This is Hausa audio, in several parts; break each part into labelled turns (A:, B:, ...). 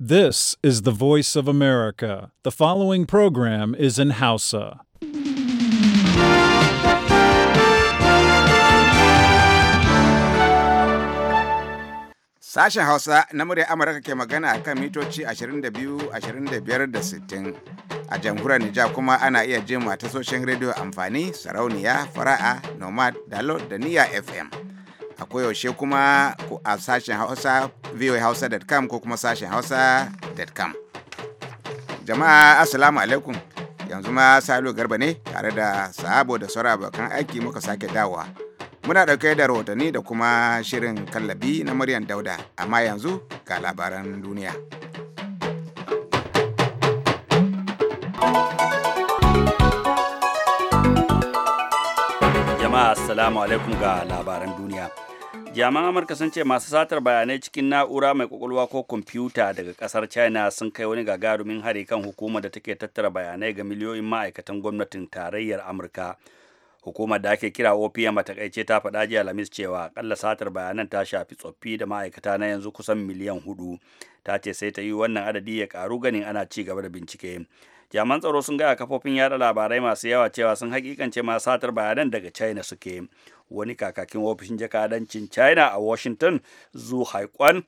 A: This is the voice of America. The following program is in Hausa.
B: Sashen Hausa na murya Amurka ke magana akan mitoci 22, 25 da 60. A jamhuriyar Nijar kuma ana iya jin tasoshin rediyo amfani, sarauniya, fara'a, nomad, Dalot, da niya FM. a koyaushe kuma a sashen hausa voahausa.com ko kuma sashen hausa.com jama'a assalamu alaikum yanzu ma salo garba ne tare da sahabo da saura abokan aiki muka sake dawowa muna ɗauke da rahotanni da kuma shirin kallabi na muryan dauda amma yanzu ga labaran duniya
C: jama'a assalamu alaikum ga labaran duniya jaman amurka sun ce masu satar bayanai cikin na'ura mai kwakwalwa ko kwamfuta daga kasar china sun kai wani gagarumin hari kan hukumar da take tattara bayanai ga miliyoyin ma'aikatan gwamnatin tarayyar amurka hukumar da ake kira opm a takaice ta faɗa jiya lamis cewa akalla satar bayanan ta shafi tsoffi da ma'aikata na yanzu kusan miliyan hudu ta ce sai ta yi wannan adadi ya karu ganin ana ci gaba da bincike jaman tsaro sun gaya kafofin yada labarai masu yawa cewa sun hakikance masu satar bayanan daga china suke wani kakakin ofishin jakadancin china a washington zu haikwan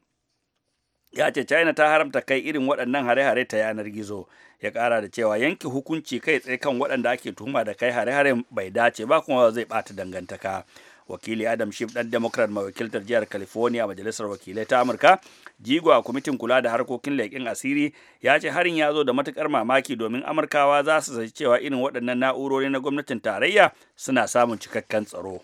C: ya ce china ta haramta kai irin waɗannan hare-hare ta yanar gizo ya ƙara da cewa yanke hukunci kai tsaye kan waɗanda ake tuhuma da kai hare hare bai dace ba kuma zai ɓata dangantaka wakili adam schiff ɗan democrat mai wakiltar jihar california majalisar wakilai ta amurka jigo a kwamitin kula da harkokin leƙin asiri ya ce harin ya zo da matukar mamaki domin amurkawa za su cewa irin waɗannan na'urori na gwamnatin tarayya suna samun cikakken tsaro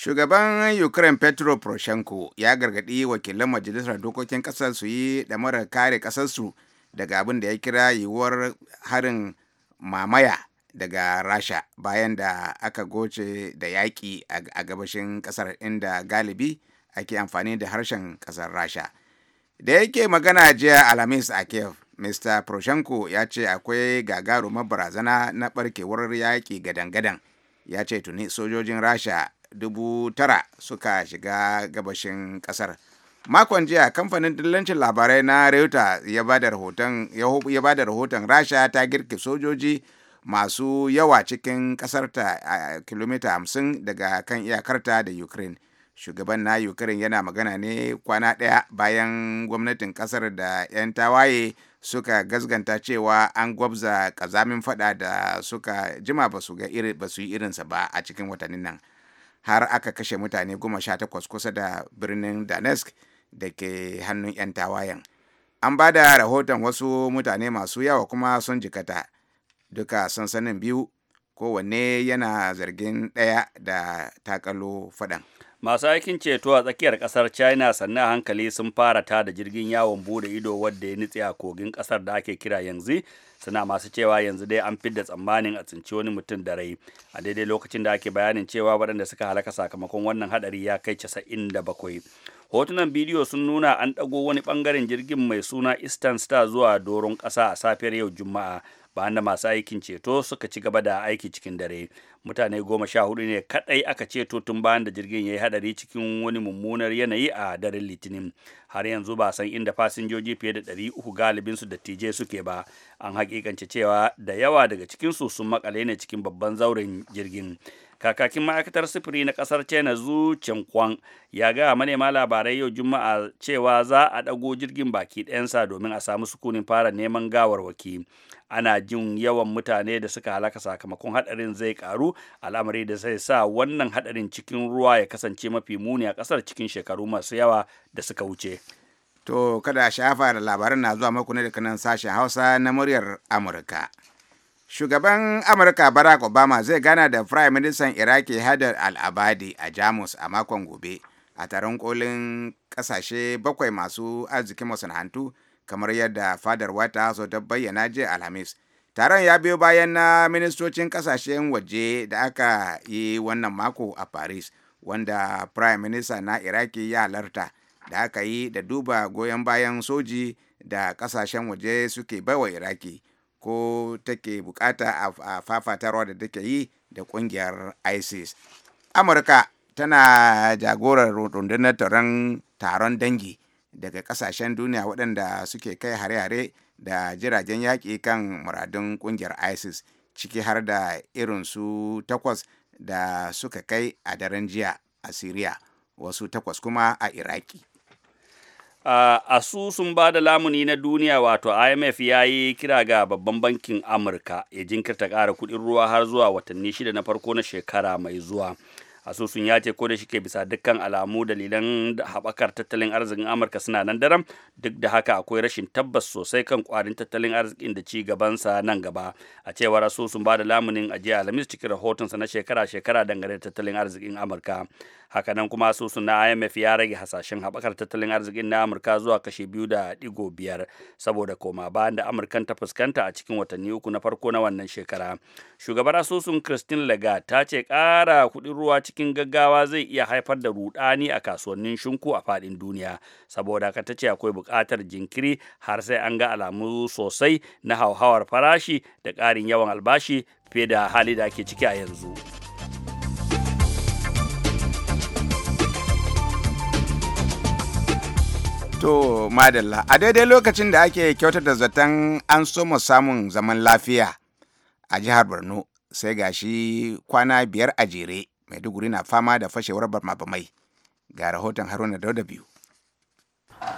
B: Shugaban Ukraine Petro Poroshenko ya gargaɗi wakilan majalisar dokokin ƙasar su yi ɗamarar kare ƙasarsu daga abin da ya kira yiwuwar harin mamaya daga Rasha bayan da aka goce da yaƙi a gabashin ƙasar inda galibi ake amfani da harshen ƙasar Rasha. Da yake magana jiya Alhamis a Kiev, Mr. Poroshenko ya ce akwai gagarumar barazana na ɓarkewar yaƙi gadan-gadan. Ya ce tuni sojojin Rasha dubu tara suka shiga gabashin kasar makon jiya kamfanin dillancin labarai na reuter ya ba da rahoton rasha ta girki sojoji masu yawa cikin kasarta a kilomita 50 daga kan iyakarta da ukraine shugaban na ukraine yana magana ne kwana ɗaya bayan gwamnatin kasar da 'yan tawaye suka gazganta cewa an gwabza kazamin fada da suka jima ba su yi irinsa ba a cikin watannin nan har aka kashe mutane goma sha takwas kusa da birnin Donetsk da ke hannun 'yan tawayen. An ba da rahoton wasu mutane masu yawa kuma sun jikata duka sansanin biyu kowanne yana zargin ɗaya da takalo faɗan.
C: masu aikin ceto a tsakiyar kasar china sannan hankali sun fara ta da jirgin yawon bude ido wadda ya nitse a kogin kasar da ake kira yanzu suna masu cewa yanzu dai an fidda tsammanin a tsinci wani mutum da rai a daidai lokacin da ake bayanin cewa waɗanda suka halaka sakamakon wannan hadari ya kai casa'in da bakwai hotunan bidiyo sun nuna an ɗago wani bangaren jirgin mai suna eastern star zuwa doron ƙasa a safiyar yau juma'a ba da masu aikin ceto suka ci gaba da aiki cikin dare mutane goma sha hudu ne kadai aka ceto tun bayan da jirgin ya yi hadari cikin wani mummunar yanayi a daren litinin har yanzu ba san inda fasinjoji fiye da ɗari uku galibin su dattijai suke ba an hakikance cewa da yawa daga cikin su sun makale ne cikin babban zauren jirgin kakakin ma'aikatar sufuri na kasar china zu kwan ya gaya manema labarai yau juma'a cewa za a ɗago jirgin baki ɗayansa domin a samu sukunin fara neman gawarwaki ana jin yawan mutane da suka halaka sakamakon hadarin zai karu al'amari da zai sa wannan hadarin cikin ruwa ya kasance
B: mafi muni a kasar cikin shekaru masu yawa da suka wuce to kada shafa da labaran na zuwa muku ne daga nan sashen hausa na muryar amurka Shugaban Amurka Barack Obama zai gana da Prime Minister Iraki Hadar Al-Abadi a Jamus a makon gobe a taron kolin kasashe bakwai masu arzikin masana'antu kamar yadda fadar White House ta bayyana jiya Alhamis. Taron ya biyo bayan na ministocin kasashen waje da aka yi wannan mako a Paris, wanda Prime Minister na Iraki ya halarta da aka yi da duba goyon bayan soji da kasashen waje suke baiwa Iraki. ko take bukata a fafatarwa da take yi da kungiyar isis amurka tana jagorar rundunar taron taron dangi daga kasashen duniya waɗanda suke kai hare-hare da jiragen yaƙi kan muradun kungiyar isis ciki har da irin su takwas da suka kai a daren jiya a syria wasu takwas kuma a iraki
C: Uh, asusun ba da lamuni na duniya wato imf ya yi kira ga babban bankin amurka ya jinkirta ƙara kuɗin ruwa har zuwa watanni shida na farko na shekara mai zuwa asusun ya ce ko da shike bisa dukkan alamu dalilan haɓakar tattalin arzikin amurka suna nan daram duk da haka akwai rashin tabbas sosai kan kwarin tattalin arzikin da ci gabansa nan gaba a cewar asusun ba da lamunin ajiya alhamis cikin rahotonsa na shekara-shekara dangane da tattalin arzikin amurka hakanan kuma asusun na imf ya rage hasashen haɓakar tattalin arzikin na amurka zuwa kashe biyu da digo biyar saboda koma bayan da amurkan ta fuskanta a cikin watanni uku na farko na wannan shekara shugabar asusun christine lagarde ta ce kara kuɗin ruwa cikin gaggawa zai iya haifar da rudani a kasuwannin shinku a faɗin duniya saboda ka ta ce akwai buƙatar jinkiri har sai an ga alamu sosai na hauhawar farashi da ƙarin yawan albashi fiye da hali da ake ciki a yanzu.
B: To, madalla, a daidai lokacin da ake kyautar da zaton an soma samun zaman lafiya a jihar Borno, sai gashi kwana biyar a jere maiduguri na fama da fashewar bamabamai ga rahoton haruna dauda biyu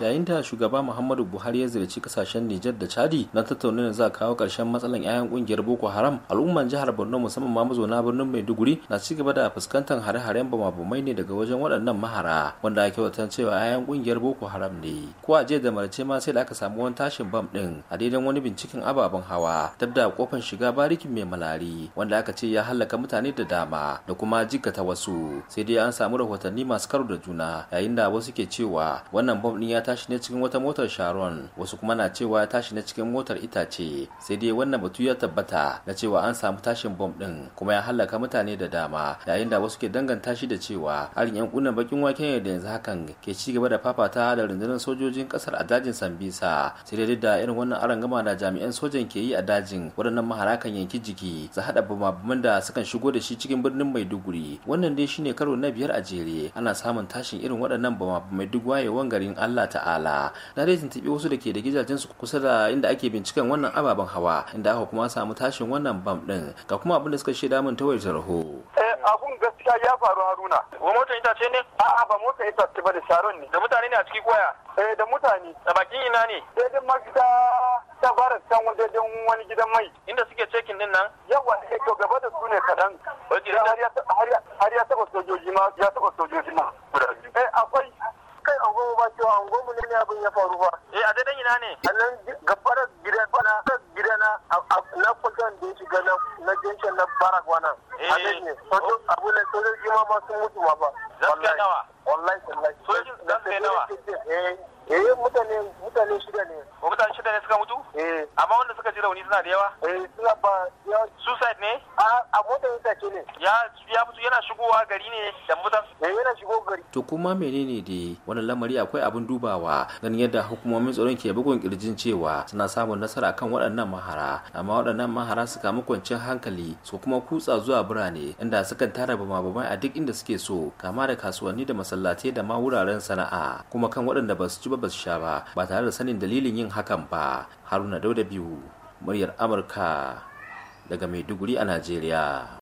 D: yayin da shugaba muhammadu buhari ya ziyarci kasashen nijar da chadi na tattaunin za kawo karshen matsalan 'ya'yan kungiyar boko haram al'umman jihar borno musamman ma mazauna birnin maiduguri na ci gaba da fuskantar hare-haren bama-bamai ne daga wajen waɗannan mahara wanda ake watan cewa 'ya'yan kungiyar boko haram ne ko a jiya da marace ma sai da aka samu wani tashin bam din a daidan wani binciken ababen hawa dab da kofar shiga barikin mai malari wanda aka ce ya halaka mutane da dama da kuma jikata wasu sai dai an samu rahotanni masu karo da juna yayin da wasu ke cewa wannan bam din ya tashi ne cikin wata motar sharon wasu kuma na cewa ya tashi ne cikin motar itace sai dai wannan batu ya tabbata na cewa an samu tashin bom din kuma ya halaka mutane da dama yayin da wasu ke danganta shi da cewa harin yan kunan bakin waken da yanzu hakan ke ci gaba da fafata da rundunar sojojin kasar a dajin sambisa sai dai da irin wannan arangama da jami'an sojan ke yi a dajin waɗannan maharakan yanki jiki su haɗa bumabuman da sukan shigo da shi cikin birnin maiduguri wannan dai shine karo na biyar a jere ana samun tashin irin waɗannan bumabumai duk wayewan garin allah Allah ta'ala na dai tuntubi wasu da ke da gidajen su kusa da inda ake binciken wannan ababen hawa inda aka kuma samu tashin wannan bam din ga kuma abin da suka shaida min ta wayar tarho eh abun gaskiya ya faru Haruna wa motar ita ce ne a'a ba motar ita ce ba da sharon ne da mutane ne a ciki koya eh da mutane da bakin ina ne sai eh, din mafita ta fara can din wani gidan mai inda suke cekin din nan yawa
E: eh, to gaba da su ne kadan har ya har ya taba sojoji ma ya taba sojoji ma eh akwai kai a goma ba cewa an goma ne abin ya faru ba. Eh a daidai ina
D: ne? A nan gabbara gidan bana kan gida na a na kwatan da ya shiga na na jinkin na barak wannan. Eh. A daidai ne. Wato abu ne sojoji ma ma sun mutu ma ba. Zan kai nawa? Wallahi sallai. Sojoji zan kai nawa? Eh. eh mutane mutane shida ne mutane shida ne suka mutu eh amma wanda suka ji rauni suna da yawa eh suna ba suicide ne a a mota ita ce ne ya ya mutu yana shigowa gari ne da mutan eh yana shigo gari to kuma menene da wannan lamari akwai abin dubawa ganin yadda hukumomin tsaron ke bugun kirjin cewa suna samun nasara kan waɗannan mahara amma waɗannan mahara suka makwancin hankali su kuma kutsa zuwa birane inda sukan tara bama-bamai a duk inda suke so kama da kasuwanni da masallatai da ma wuraren sana'a kuma kan waɗanda ba su ba ba sha ba ba tare da sanin dalilin yin hakan ba haruna dauda biyu muryar amurka daga maiduguri a najeriya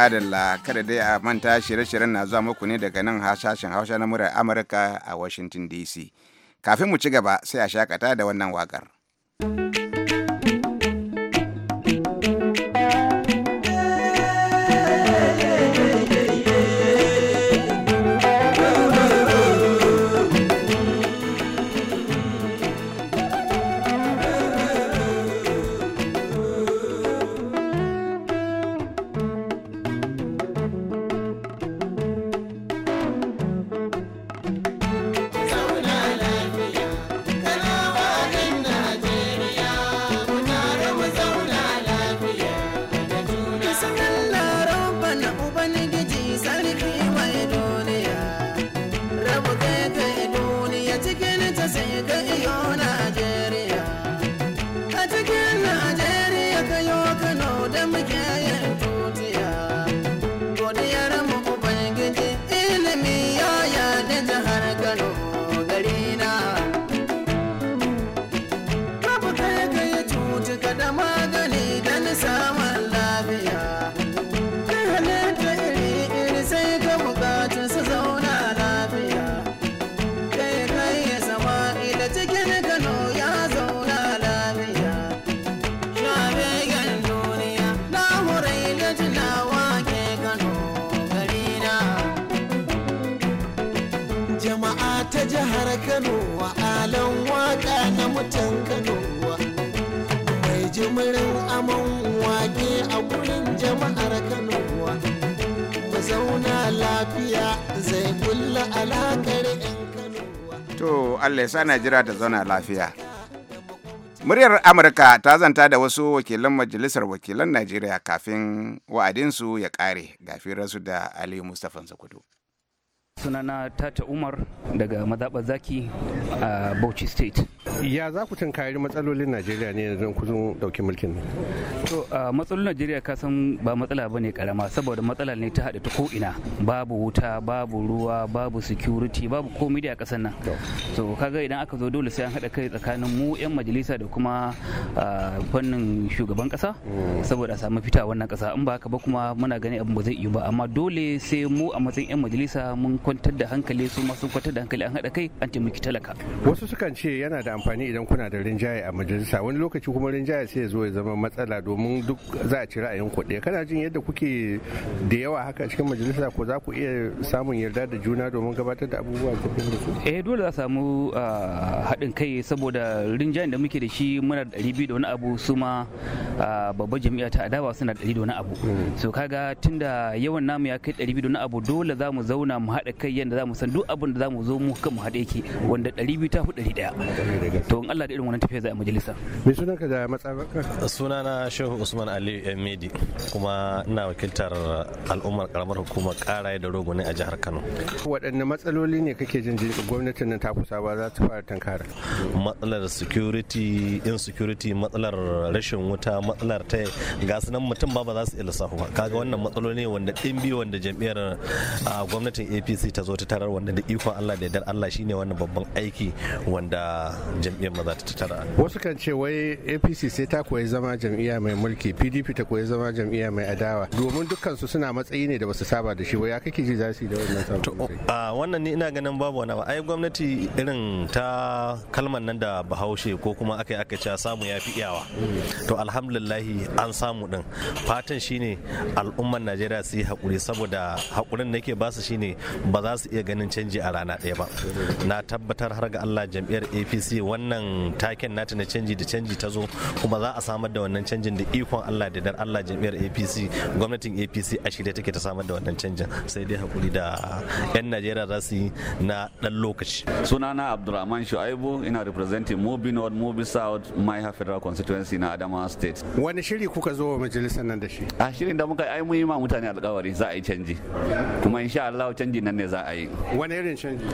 B: madalla kada dai a manta shirye-shiryen na zuwa muku ne daga nan hasashen hausa na murar amurka a washington dc kafin mu ci gaba sai a shakata da wannan waƙar.
D: jama'a ta jihar kano wa alan waka na mutan kano mai jimirin aman wake a gurin jama'ar kano wa
F: zauna lafiya zai kulla alakar yan kano
B: to allah ya sa najira ta zauna lafiya muryar amurka ta zanta da wasu wakilan majalisar wakilan najeriya kafin wa'adinsu ya kare rasu da ali mustapha sakudu
G: sunana tata umar daga mazaɓar zaki a bauchi state ya za ku tunkari matsalolin najeriya ne yanzu ku ɗauki mulkin ne to matsalolin najeriya ka san ba matsala ba ne karama saboda matsala ne ta haɗa ta ko'ina babu wuta babu ruwa babu security babu komi da a ƙasar nan to kaga idan aka zo dole sai an haɗa kai tsakanin mu 'yan majalisa da kuma fannin shugaban kasa mm. saboda a samu fita wannan kasa in ba haka ba kuma muna ganin abin ba zai iya ba amma dole sai
E: mu a matsayin 'yan majalisa mun kwantar da hankali su ma sun kwantar da hankali an haɗa kai an taimaki talaka wasu sukan ce yana da amfani idan kuna da rinjaye a majalisa wani lokaci kuma rinjaye sai ya zo ya zama matsala domin duk za a ci ra'ayin ku ɗaya kana jin yadda kuke da yawa haka cikin majalisa ko za ku iya samun yarda da juna domin gabatar da abubuwa da
G: su eh dole za samu ah, haɗin kai saboda rinjayen da muke da shi muna da ɗari biyu da wani abu su ma ah, babbar jami'a ta adawa suna da ɗari da wani abu hmm. so kaga tunda yawan namu ya kai ɗari biyu da wani abu dole za mu zauna mu haɗa da kai yadda za mu san duk abin da za mu zo mu kan mu haɗe ki wanda ɗari biyu ta fi ɗari ɗaya to in Allah da irin wannan tafiya za a majalisa.
E: Me suna ka da matsabaka?
G: Suna
A: na Shehu Usman Ali Medi kuma ina wakiltar al'ummar karamar hukumar karaye da rogoni a jihar Kano.
E: Waɗanne matsaloli ne kake jin gwamnatin nan ta kusa ba za ta fara tankara?
A: Matsalar security insecurity matsalar rashin wuta matsalar ta ga nan mutum ba ba za su iya lissafu ba kaga wannan matsaloli ne wanda ɗin biyu wanda jam'iyyar ah, gwamnatin APC apc ta zo ta tarar wanda da ikon allah da yardar allah shine wannan babban aiki wanda jam'iyyar maza ta tara.
E: wasu kan ce wai apc sai ta koyi zama jam'iyya mai mulki pdp ta koyi zama jam'iyya mai adawa domin dukkansu suna matsayi ne da basu saba da shi wai ya kake ji za su yi da wannan sabon
A: wannan ni ina ganin babu wani ba ai gwamnati irin ta kalmar nan da bahaushe ko kuma akai aka cewa samu ya fi iyawa to alhamdulillahi an samu din fatan shine al'ummar najeriya su yi haƙuri saboda haƙurin da yake basu shine ba za su iya ganin canji a rana ɗaya ba na tabbatar har ga allah jam'iyyar apc wannan taken nata na canji da canji ta zo kuma za a samar da wannan canjin da ikon allah da dar allah jam'iyyar apc gwamnatin apc a shirye take ta samar da wannan canjin sai dai hakuri da 'yan najeriya za su yi na ɗan lokaci sunana abdulrahman
H: shu'aibu ina representing mobi north mobi south maiha federal constituency na adamawa state
E: wani shiri kuka zo wa majalisar nan da shi
H: a shirin da muka ai mu yi ma mutane alkawari za a yi canji kuma insha allah canji nan ne za a yi wani irin canji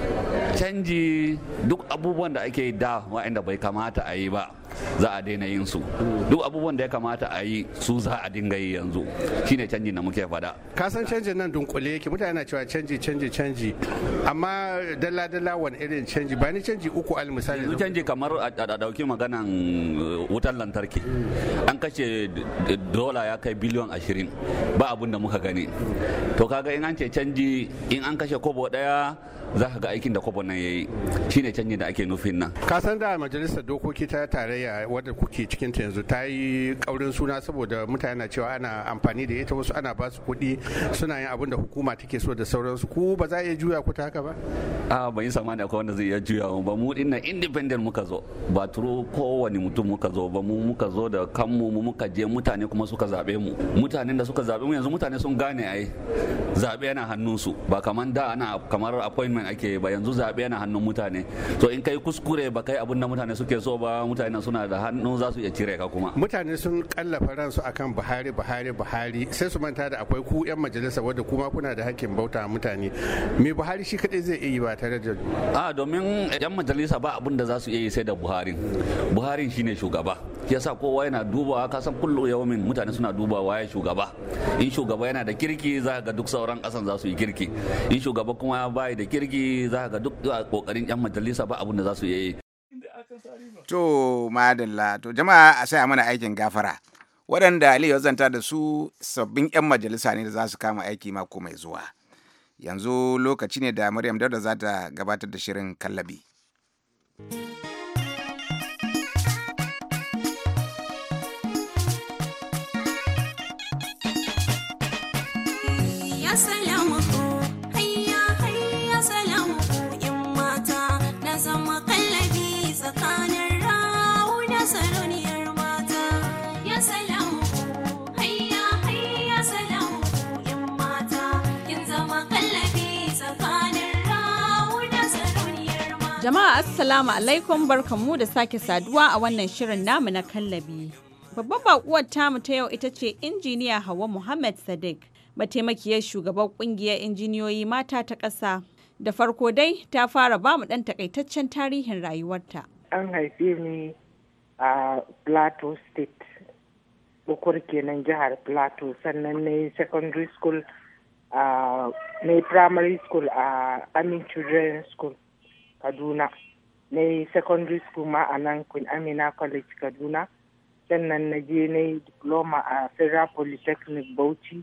H: canji duk abubuwan da ake da wa'anda bai kamata a yi ba za a daina yin su duk abubuwan da ya kamata a yi su za a dinga yi yanzu shine canjin da muke faɗa
E: ka san canjin nan dunkule yake mutane na cewa canji canji canji amma dalla dalla wani irin canji ba ni canji uku al misali yanzu
H: canji kamar a dauki maganan eh, wutar lantarki an kashe dola ya kai biliyon ashirin ba abun da muka gani to kaga in an ce canji in an kashe kobo daya za ka ga aikin da kwabo nan ya Shi shine canjin da ake nufin nan
E: ka san da majalisar dokoki ta tarayya wadda kuke cikin ta yanzu ta yi kaurin suna saboda mutane na cewa ana amfani da ita wasu ana ba su kuɗi suna yin abin da hukuma take so da sauransu ku ba za a iya juya ku ta haka ba
H: a ban yi samani akwai wanda zai iya juya ba mu din nan independent muka zo ba turo kowane mutum muka zo ba mu muka zo da kanmu mu muka je mutane kuma suka zaɓe mu mutanen da suka zaɓe mu yanzu mutane sun gane ai zaɓe yana hannunsu ba kamar da ana kamar akwai. government ake ba yanzu zaɓe yana hannun mutane to in kai kuskure ba kai abin da mutane suke so ba mutane suna da hannu za su iya cire ka kuma
E: mutane sun kallafa ransu akan buhari buhari buhari sai su manta da akwai ku yan majalisa wadda kuma kuna da hakkin bauta mutane me buhari shi kadai zai iya yi ba tare da
H: a domin yan majalisa ba abin da za su iya yi sai da buhari buhari shine shugaba yasa kowa yana dubawa kasan kullu yawmin mutane suna dubawa ya shugaba in shugaba yana da kirki za ga duk sauran kasan za su yi kirki in shugaba kuma bai da kirki birge za ga duk kokarin yan majalisa ba abun da za su
B: yi to madalla to jama'a a saya mana aikin gafara waɗanda aliyu ya zanta da su sabbin 'yan majalisa ne da za su kama aiki mako mai zuwa yanzu lokaci ne da maryam dauda za ta gabatar da shirin kallabi. thank you
I: Assalamu alaikum barkamu da sake saduwa a wannan shirin namu na kallabi. Babban bakuwar tamu ta yau ita ce injiniya Hauwa Muhammad Sadiq, mataimakiyar shugaban kungiyar injiniyoyi mata ta ƙasa. Da farko dai ta fara bamu ɗan takaitaccen tarihin rayuwarta.
J: An haife ni a Plateau State, bukur kenan jihar Plateau, sannan na yi secondary school, na primary school a Amin Children's School, Kaduna. na secondary school ma a nan Queen Amina College Kaduna. Sannan na je na yi diploma a Federal Polytechnic Bauchi.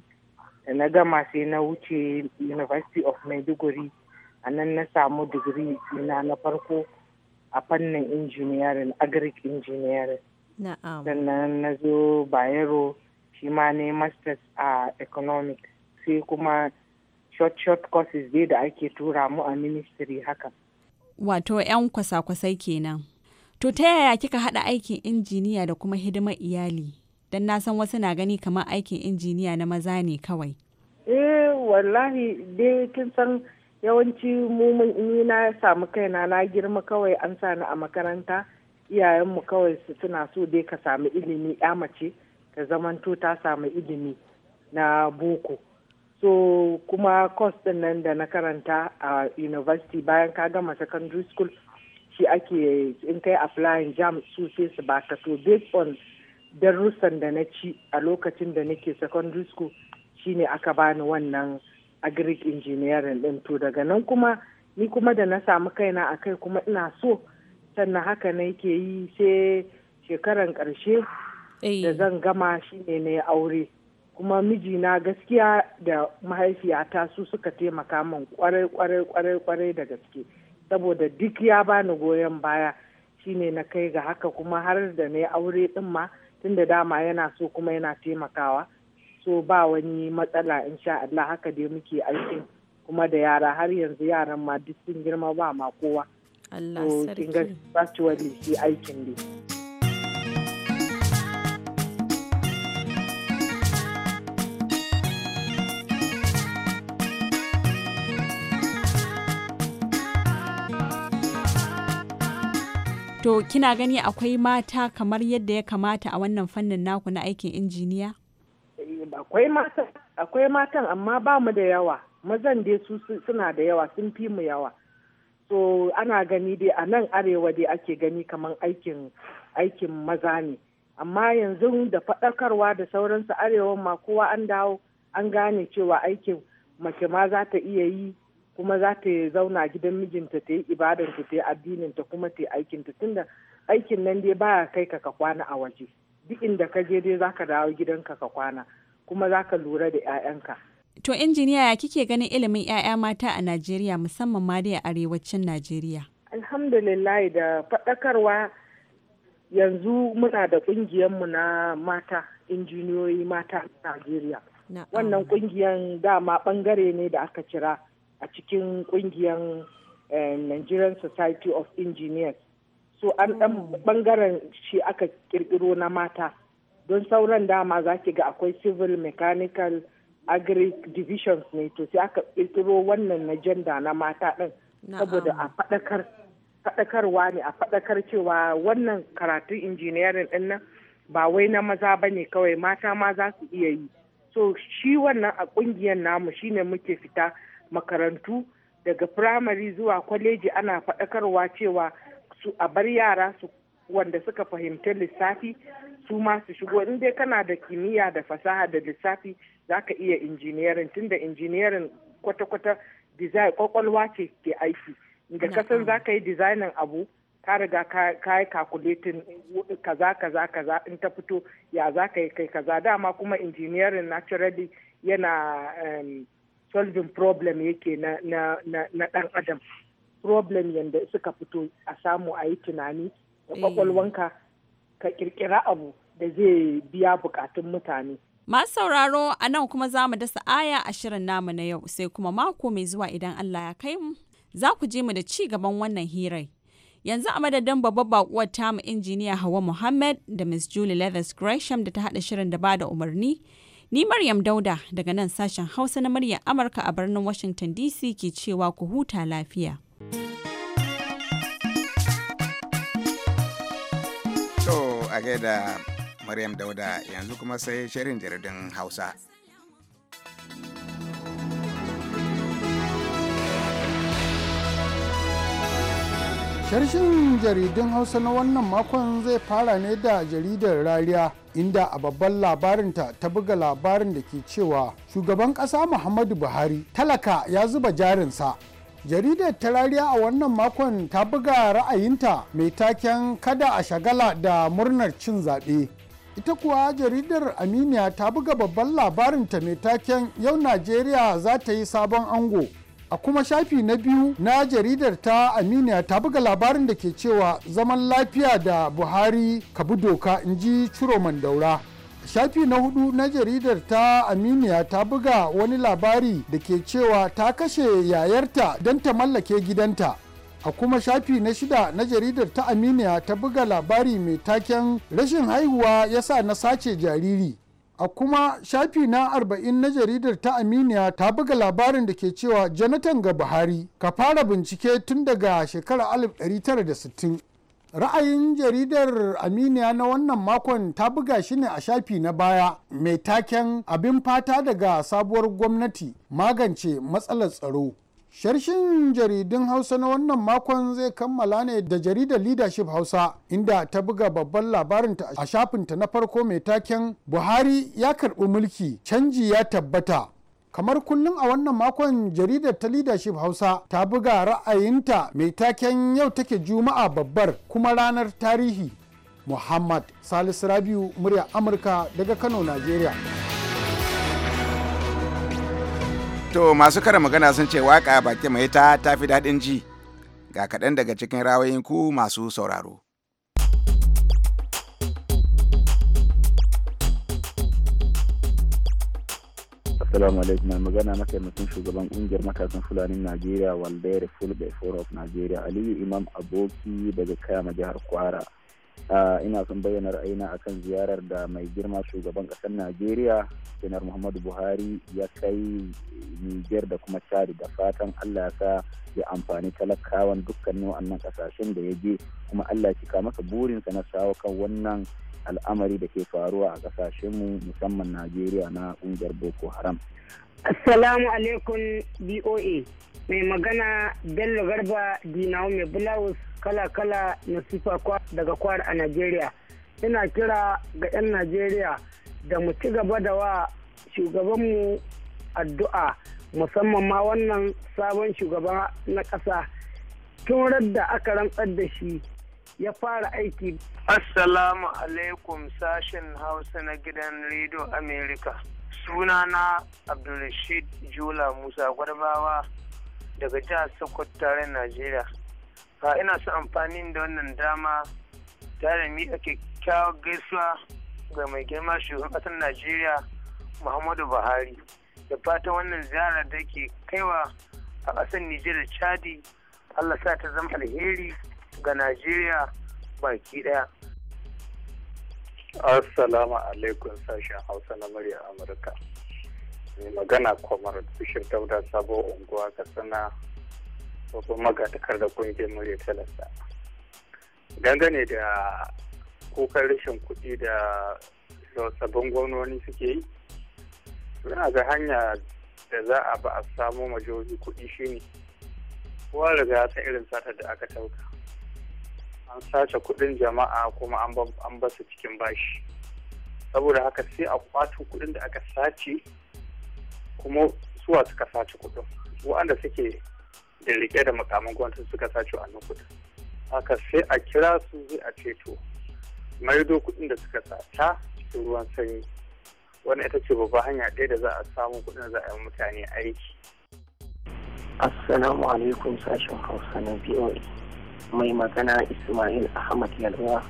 J: Da na gama sai na wuce University of Maiduguri. A nan na samu digiri ina na farko a fannin engineering, agric engineering. Sannan na zo Bayero shi ma ne masters a economics. Sai kuma short short courses dai da ake tura mu a ministry haka.
I: wato 'yan kwasa-kwasai kenan. To ta yaya kika haɗa aikin injiniya da kuma hidimar iyali? Don na san wasu na gani kamar aikin injiniya na maza ne kawai.
J: Eh wallahi dai kin san yawanci mu ni na samu kaina na girma kawai an sa ni a makaranta iyayenmu kawai su suna so dai ka samu ilimi ya mace ka zamanto ta samu ilimi na boko. so kuma course din nan da na karanta a university bayan ka gama secondary school shi ake in kai applying jam su sai su baka to based on darussan da na ci a lokacin da nake secondary school shine aka bani wannan agric engineering din to daga nan kuma ni kuma da na samu kaina a kai kuma ina so sannan haka na yake yi sai shekaran karshe eh. da zan gama shine na aure kuma mijina gaskiya da mahaifiyata su suka taimaka min kwarai kwarai kwarai kwarai da gaske saboda duk ya bani goyon baya shine na kai ga haka kuma har da na aure din ma tunda dama yana so kuma yana taimakawa so ba wani matsala sha Allah haka dai muke aikin kuma da yara har yanzu yaran ma duk sun girma ba ma kowa Allah sarki. aikin dai.
I: To kina gani akwai mata kamar yadda ya kamata a wannan fannin naku na aikin injiniya?
J: Akwai matan, akwai matan amma ba mu da yawa. Mazan dai su suna da yawa, sun fi mu yawa. So ana gani dai a nan arewa dai ake gani kamar aikin aikin maza ne. Amma yanzu da faɗakarwa da sauransu arewa ma kowa an dawo an gane cewa aikin mace ma za ta iya yi kuma za ta zauna gidan mijinta ta yi ibadar ta ta yi addinin ta kuma ta yi aikin ta tunda aikin nan dai baya kai ka ka kwana a waje duk inda ka je dai zaka dawo gidanka ka kwana kuma zaka lura da 'ya'yanka.
I: To injiniya ya kike ganin ilimin 'ya'ya mata a Najeriya musamman ma dai a arewacin Najeriya?
J: Alhamdulillah da faɗakarwa yanzu muna da ƙungiyar mu na mata injiniyoyi mata a Najeriya. Wannan ƙungiyar dama ɓangare ne da aka kira a cikin kungiyar eh, Nigerian Society of Engineers. So an ɗan bangaren mm. shi aka kirkiro na mata. Don sauran dama za ki ga akwai civil mechanical agri divisions ne to sai aka kirkiro wannan na janda na mata din. Saboda a fadakar faɗakarwa ne a faɗakar cewa wannan karatun engineering din nan ba wai na maza bane kawai mata ma za su iya yi. So shi wannan a kungiyar namu shine muke fita makarantu daga firamare zuwa kwaleji ana faɗakarwa cewa su a bar yara su wanda suka fahimci lissafi su ma su shigo in dai kana da kimiyya da fasaha da lissafi za ka iya injiniyarin tunda injiniyarin kwata-kwata design kwakwalwa ce ke aiki inda kasan za ka yi dizainin abu ka riga ka yi kakuletin kaza kaza kaza in ta fito ya za ka yi kai kaza dama kuma injiniyarin naturally yana solving problem yake na, na, na, na ɗan adam problem yadda suka fito a samu a yi tunani da kwakwalwanka eh. ka kirkira abu da zai biya bukatun mutane
I: Masu sauraro a nan kuma za mu dasa aya a shirin namu na yau sai kuma mako mai zuwa idan Allah ya kai mu za ku je mu da ci gaban wannan hirar. Yanzu a madadin babbar bakuwar tamu injiniya Hawa Muhammad da Miss Julie Leathers Gresham da ta haɗa shirin da ba da umarni Ni Maryam Dauda daga nan sashen Hausa na muryar Amurka a birnin Washington DC ke cewa ku huta lafiya.
B: To a gaida Maryam Dauda yanzu kuma sai shirin jaridun Hausa.
F: Sharshin jaridun Hausa na wannan makon zai fara ne da jaridar rariya inda a babban labarinta ta buga labarin da ke cewa shugaban ƙasa Muhammadu Buhari talaka ya zuba jarinsa. Jaridar ta rariya a wannan makon ta buga ra'ayinta mai taken kada a shagala da murnar cin zaɓe. Ita kuwa jaridar Aminiya ta buga babban labarinta mai taken yau Najeriya za ta yi sabon ango. a kuma shafi na biyu na jaridar ta aminiya ta buga labarin da ke cewa zaman lafiya da buhari ka bi doka in ji ciro mandaura shafi na hudu na jaridar ta aminiya ta buga wani labari da ke cewa ta kashe yayarta don ta mallake gidanta a kuma shafi na shida na jaridar ta aminiya ta buga labari mai taken rashin haihuwa ya sa na sace jariri a kuma shafi na arba'in na jaridar ta aminiya ta buga labarin da ke cewa jonathan ga buhari ka fara bincike tun daga shekarar 1960 ra'ayin jaridar aminiya na wannan makon ta buga shi ne a shafi na baya mai taken abin fata daga sabuwar gwamnati magance matsalar tsaro Sharshin jaridun Hausa na wannan makon zai kammala ne da jaridar Leadership Hausa inda ta buga babban labarinta a shafinta na farko mai taken Buhari ya karbi mulki canji ya tabbata. Kamar kullum a wannan makon jaridar ta Leadership Hausa ta buga ra'ayinta mai taken yau take Juma'a babbar kuma ranar tarihi. Muhammad Salisu Rabiu murya Amurka daga Kano, nigeria.
B: To masu kara magana sun ce waka baki mai ta tafi daɗin ji ga kaɗan daga cikin rawayin ku masu sauraro.
C: Assalamu alaikum mai magana mataimakin shugaban kungiyar matasan Fulanin Najeriya Waldere Fulbe Forum of Najeriya Aliyu Imam Aboki daga Kayama jihar Kwara. Ah, ina son bayyana ra'ayina kan ziyarar da mai girma shugaban ƙasar najeriya janar muhammadu buhari ya kai niger da kuma chad da fatan allah sa ya amfani talakawan dukkanin wannan ƙasashen da ya je kuma allah ya cika masa burinsa na shawo kan wannan al'amari da ke faruwa a ƙasashenmu musamman najeriya na ƙungiyar boko haram
J: assalamu alaikum boa mai magana bello garba dinawo mai bulawus kala-kala na sifa daga kwar a Najeriya. Ina kira ga 'yan Najeriya da mu ci gaba da wa shugabanmu addu'a musamman ma wannan sabon shugaba na ƙasa tun radda aka rantsar da shi ya fara aiki.
I: Assalamu
J: alaikum sashen Hausa na gidan Radio America. Sunana Abdulrashid Jula Musa Gwarbawa daga jihar Sokoto tare Najeriya. ka ina su amfani da wannan dama ta tare miƙa kyakkyawar gaisuwa ga mai girma shugaban ƙasar najeriya muhammadu buhari da fata wannan ziyara da ke kaiwa a ƙasar nijar da chadi allah sa ta zama alheri ga najeriya
F: baki ɗaya assalamu alaikum sashen hausa na murya amurka mai magana kwamar bishir dauda sabo unguwa katsina babban magatakar da kungiyar murya talasta
C: dangane da kukan rashin kuɗi da sabon
F: gwamnoni suke yi suna ga hanya da za a ba a samo majoji kuɗi shine kowa riga ta irin sata da aka tauka an sace kuɗin jama'a kuma an basu cikin bashi saboda haka sai a kwato kuɗin da aka sace kuma suwa suka sace kuɗin waɗanda suke da rike da makaman gwamnati suka sace wannan kuɗin haka sai a kira su zai a ceto maido kuɗin da suka sata cikin ruwan sanyi
C: wani ita ce babba hanya ɗaya da za a samu kuɗin za a yi mutane aiki
J: assalamu alaikum sashen hausa na voa mai magana ismail ahmad yalwa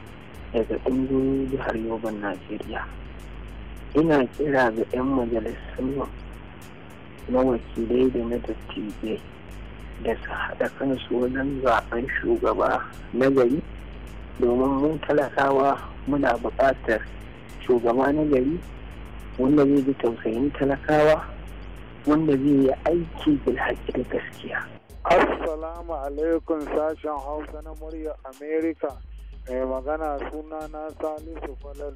J: daga ɗimbin jihar yoban najeriya ina kira ga 'yan majalisun na wakilai da na dattijai da su haɗa kan sunan zaben shugaba na gari domin mun talakawa muna buƙatar shugaba na gari wanda zai ji tausayin talakawa wanda zai yi aiki bilhaki da gaskiya.
F: Assalamu alaikum sashen Hausa na murya Amerika mai magana suna na Salisu Falal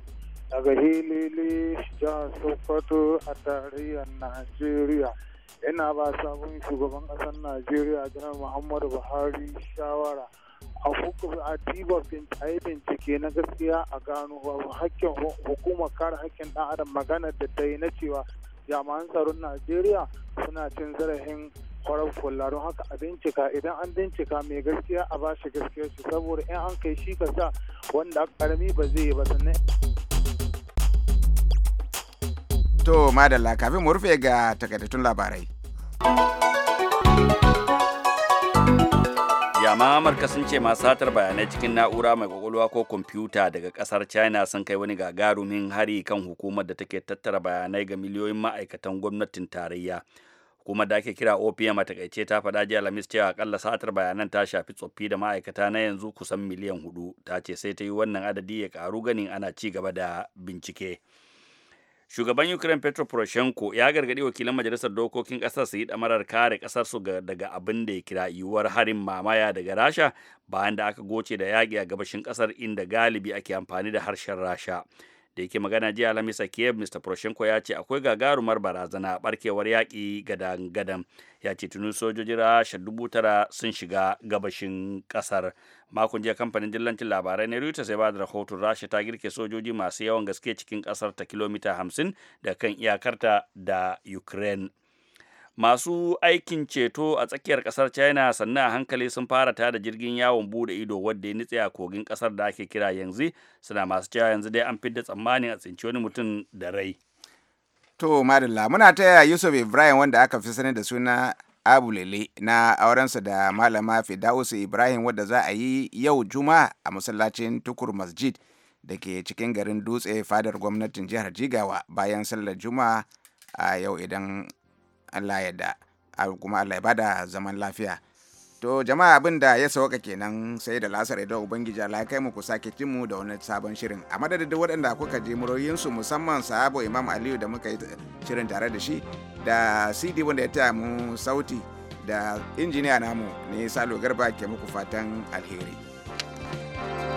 F: daga Hilili jihar Sokoto a tarayyar Najeriya. ina ba sabon shugaban kasar najeriya janar muhammadu buhari shawara a a yi bincike na gaskiya a gano hakkin hukumar kare hakkin dan adam maganar da ta yi na cewa jami'an tsaron najeriya suna cin zarafin kwarar fulla haka a bincika idan an bincika mai gaskiya a bashi gaskiyar saboda in an kai shi ka sa wanda karami ba zai yi ba sannan
B: To madalla kafin mu rufe ga takaitattun labarai.
C: jama'a amurka sun ce masu satar bayanai cikin na'ura mai kwakwalwa ko kwamfuta daga kasar china sun kai wani gagarumin hari kan hukumar da take tattara bayanai ga miliyoyin ma'aikatan gwamnatin tarayya kuma da ake kira opm a takaice ta faɗa jiya alhamis cewa akalla satar bayanan ta shafi tsoffi da ma'aikata na yanzu kusan miliyan hudu ta ce sai ta yi wannan adadi ya karu ganin ana ci gaba da bincike. shugaban ukraine petro poroshenko ya gargaɗi wakilan majalisar dokokin ƙasar su yi ɗamarar kare ƙasar su daga abin da ya kira yiwuwar harin mamaya daga rasha bayan da aka goce da yaƙi a gabashin ƙasar inda galibi ake amfani da harshen rasha da yake magana jiya alhamis a kiev mr poroshenko ya ce akwai gagarumar barazana barkewar yaƙi gadan-gadan ya ce tuni sojoji rasha dubu tara sun shiga gabashin ƙasar makon jiya kamfanin dillancin labarai na reuters ya ba da rahoton rasha ta girke sojoji masu yawan gaske cikin ƙasar ta kilomita 50 da kan iyakarta da ukraine masu aikin ceto a tsakiyar kasar china sannan a hankali sun fara tada jirgin yawon bude ido wadda ya nitse a kogin kasar da ake kira yanzu suna masu cewa yanzu dai an fidda tsammanin a tsinci wani mutum da rai
B: to madalla muna taya yusuf ibrahim wanda aka fi sani da suna abu lele na aurensa da malama fidausu ibrahim wadda za a yi yau juma'a a masallacin tukur masjid da ke cikin garin dutse fadar gwamnatin jihar jigawa bayan sallar juma'a a yau idan Allah ya da kuma Allah ya bada zaman lafiya to jama'a abin da ya sauka kenan sai da lasar da ubangiji Allah ya kai mu ku sake cin mu da wani sabon shirin a madadin duk waɗanda kuka ji muroyin su musamman sahabo Imam Aliyu da muka yi shirin tare da shi da CD wanda ya taya mu sauti da injiniya namu ne Salo Garba ke muku fatan alheri thank you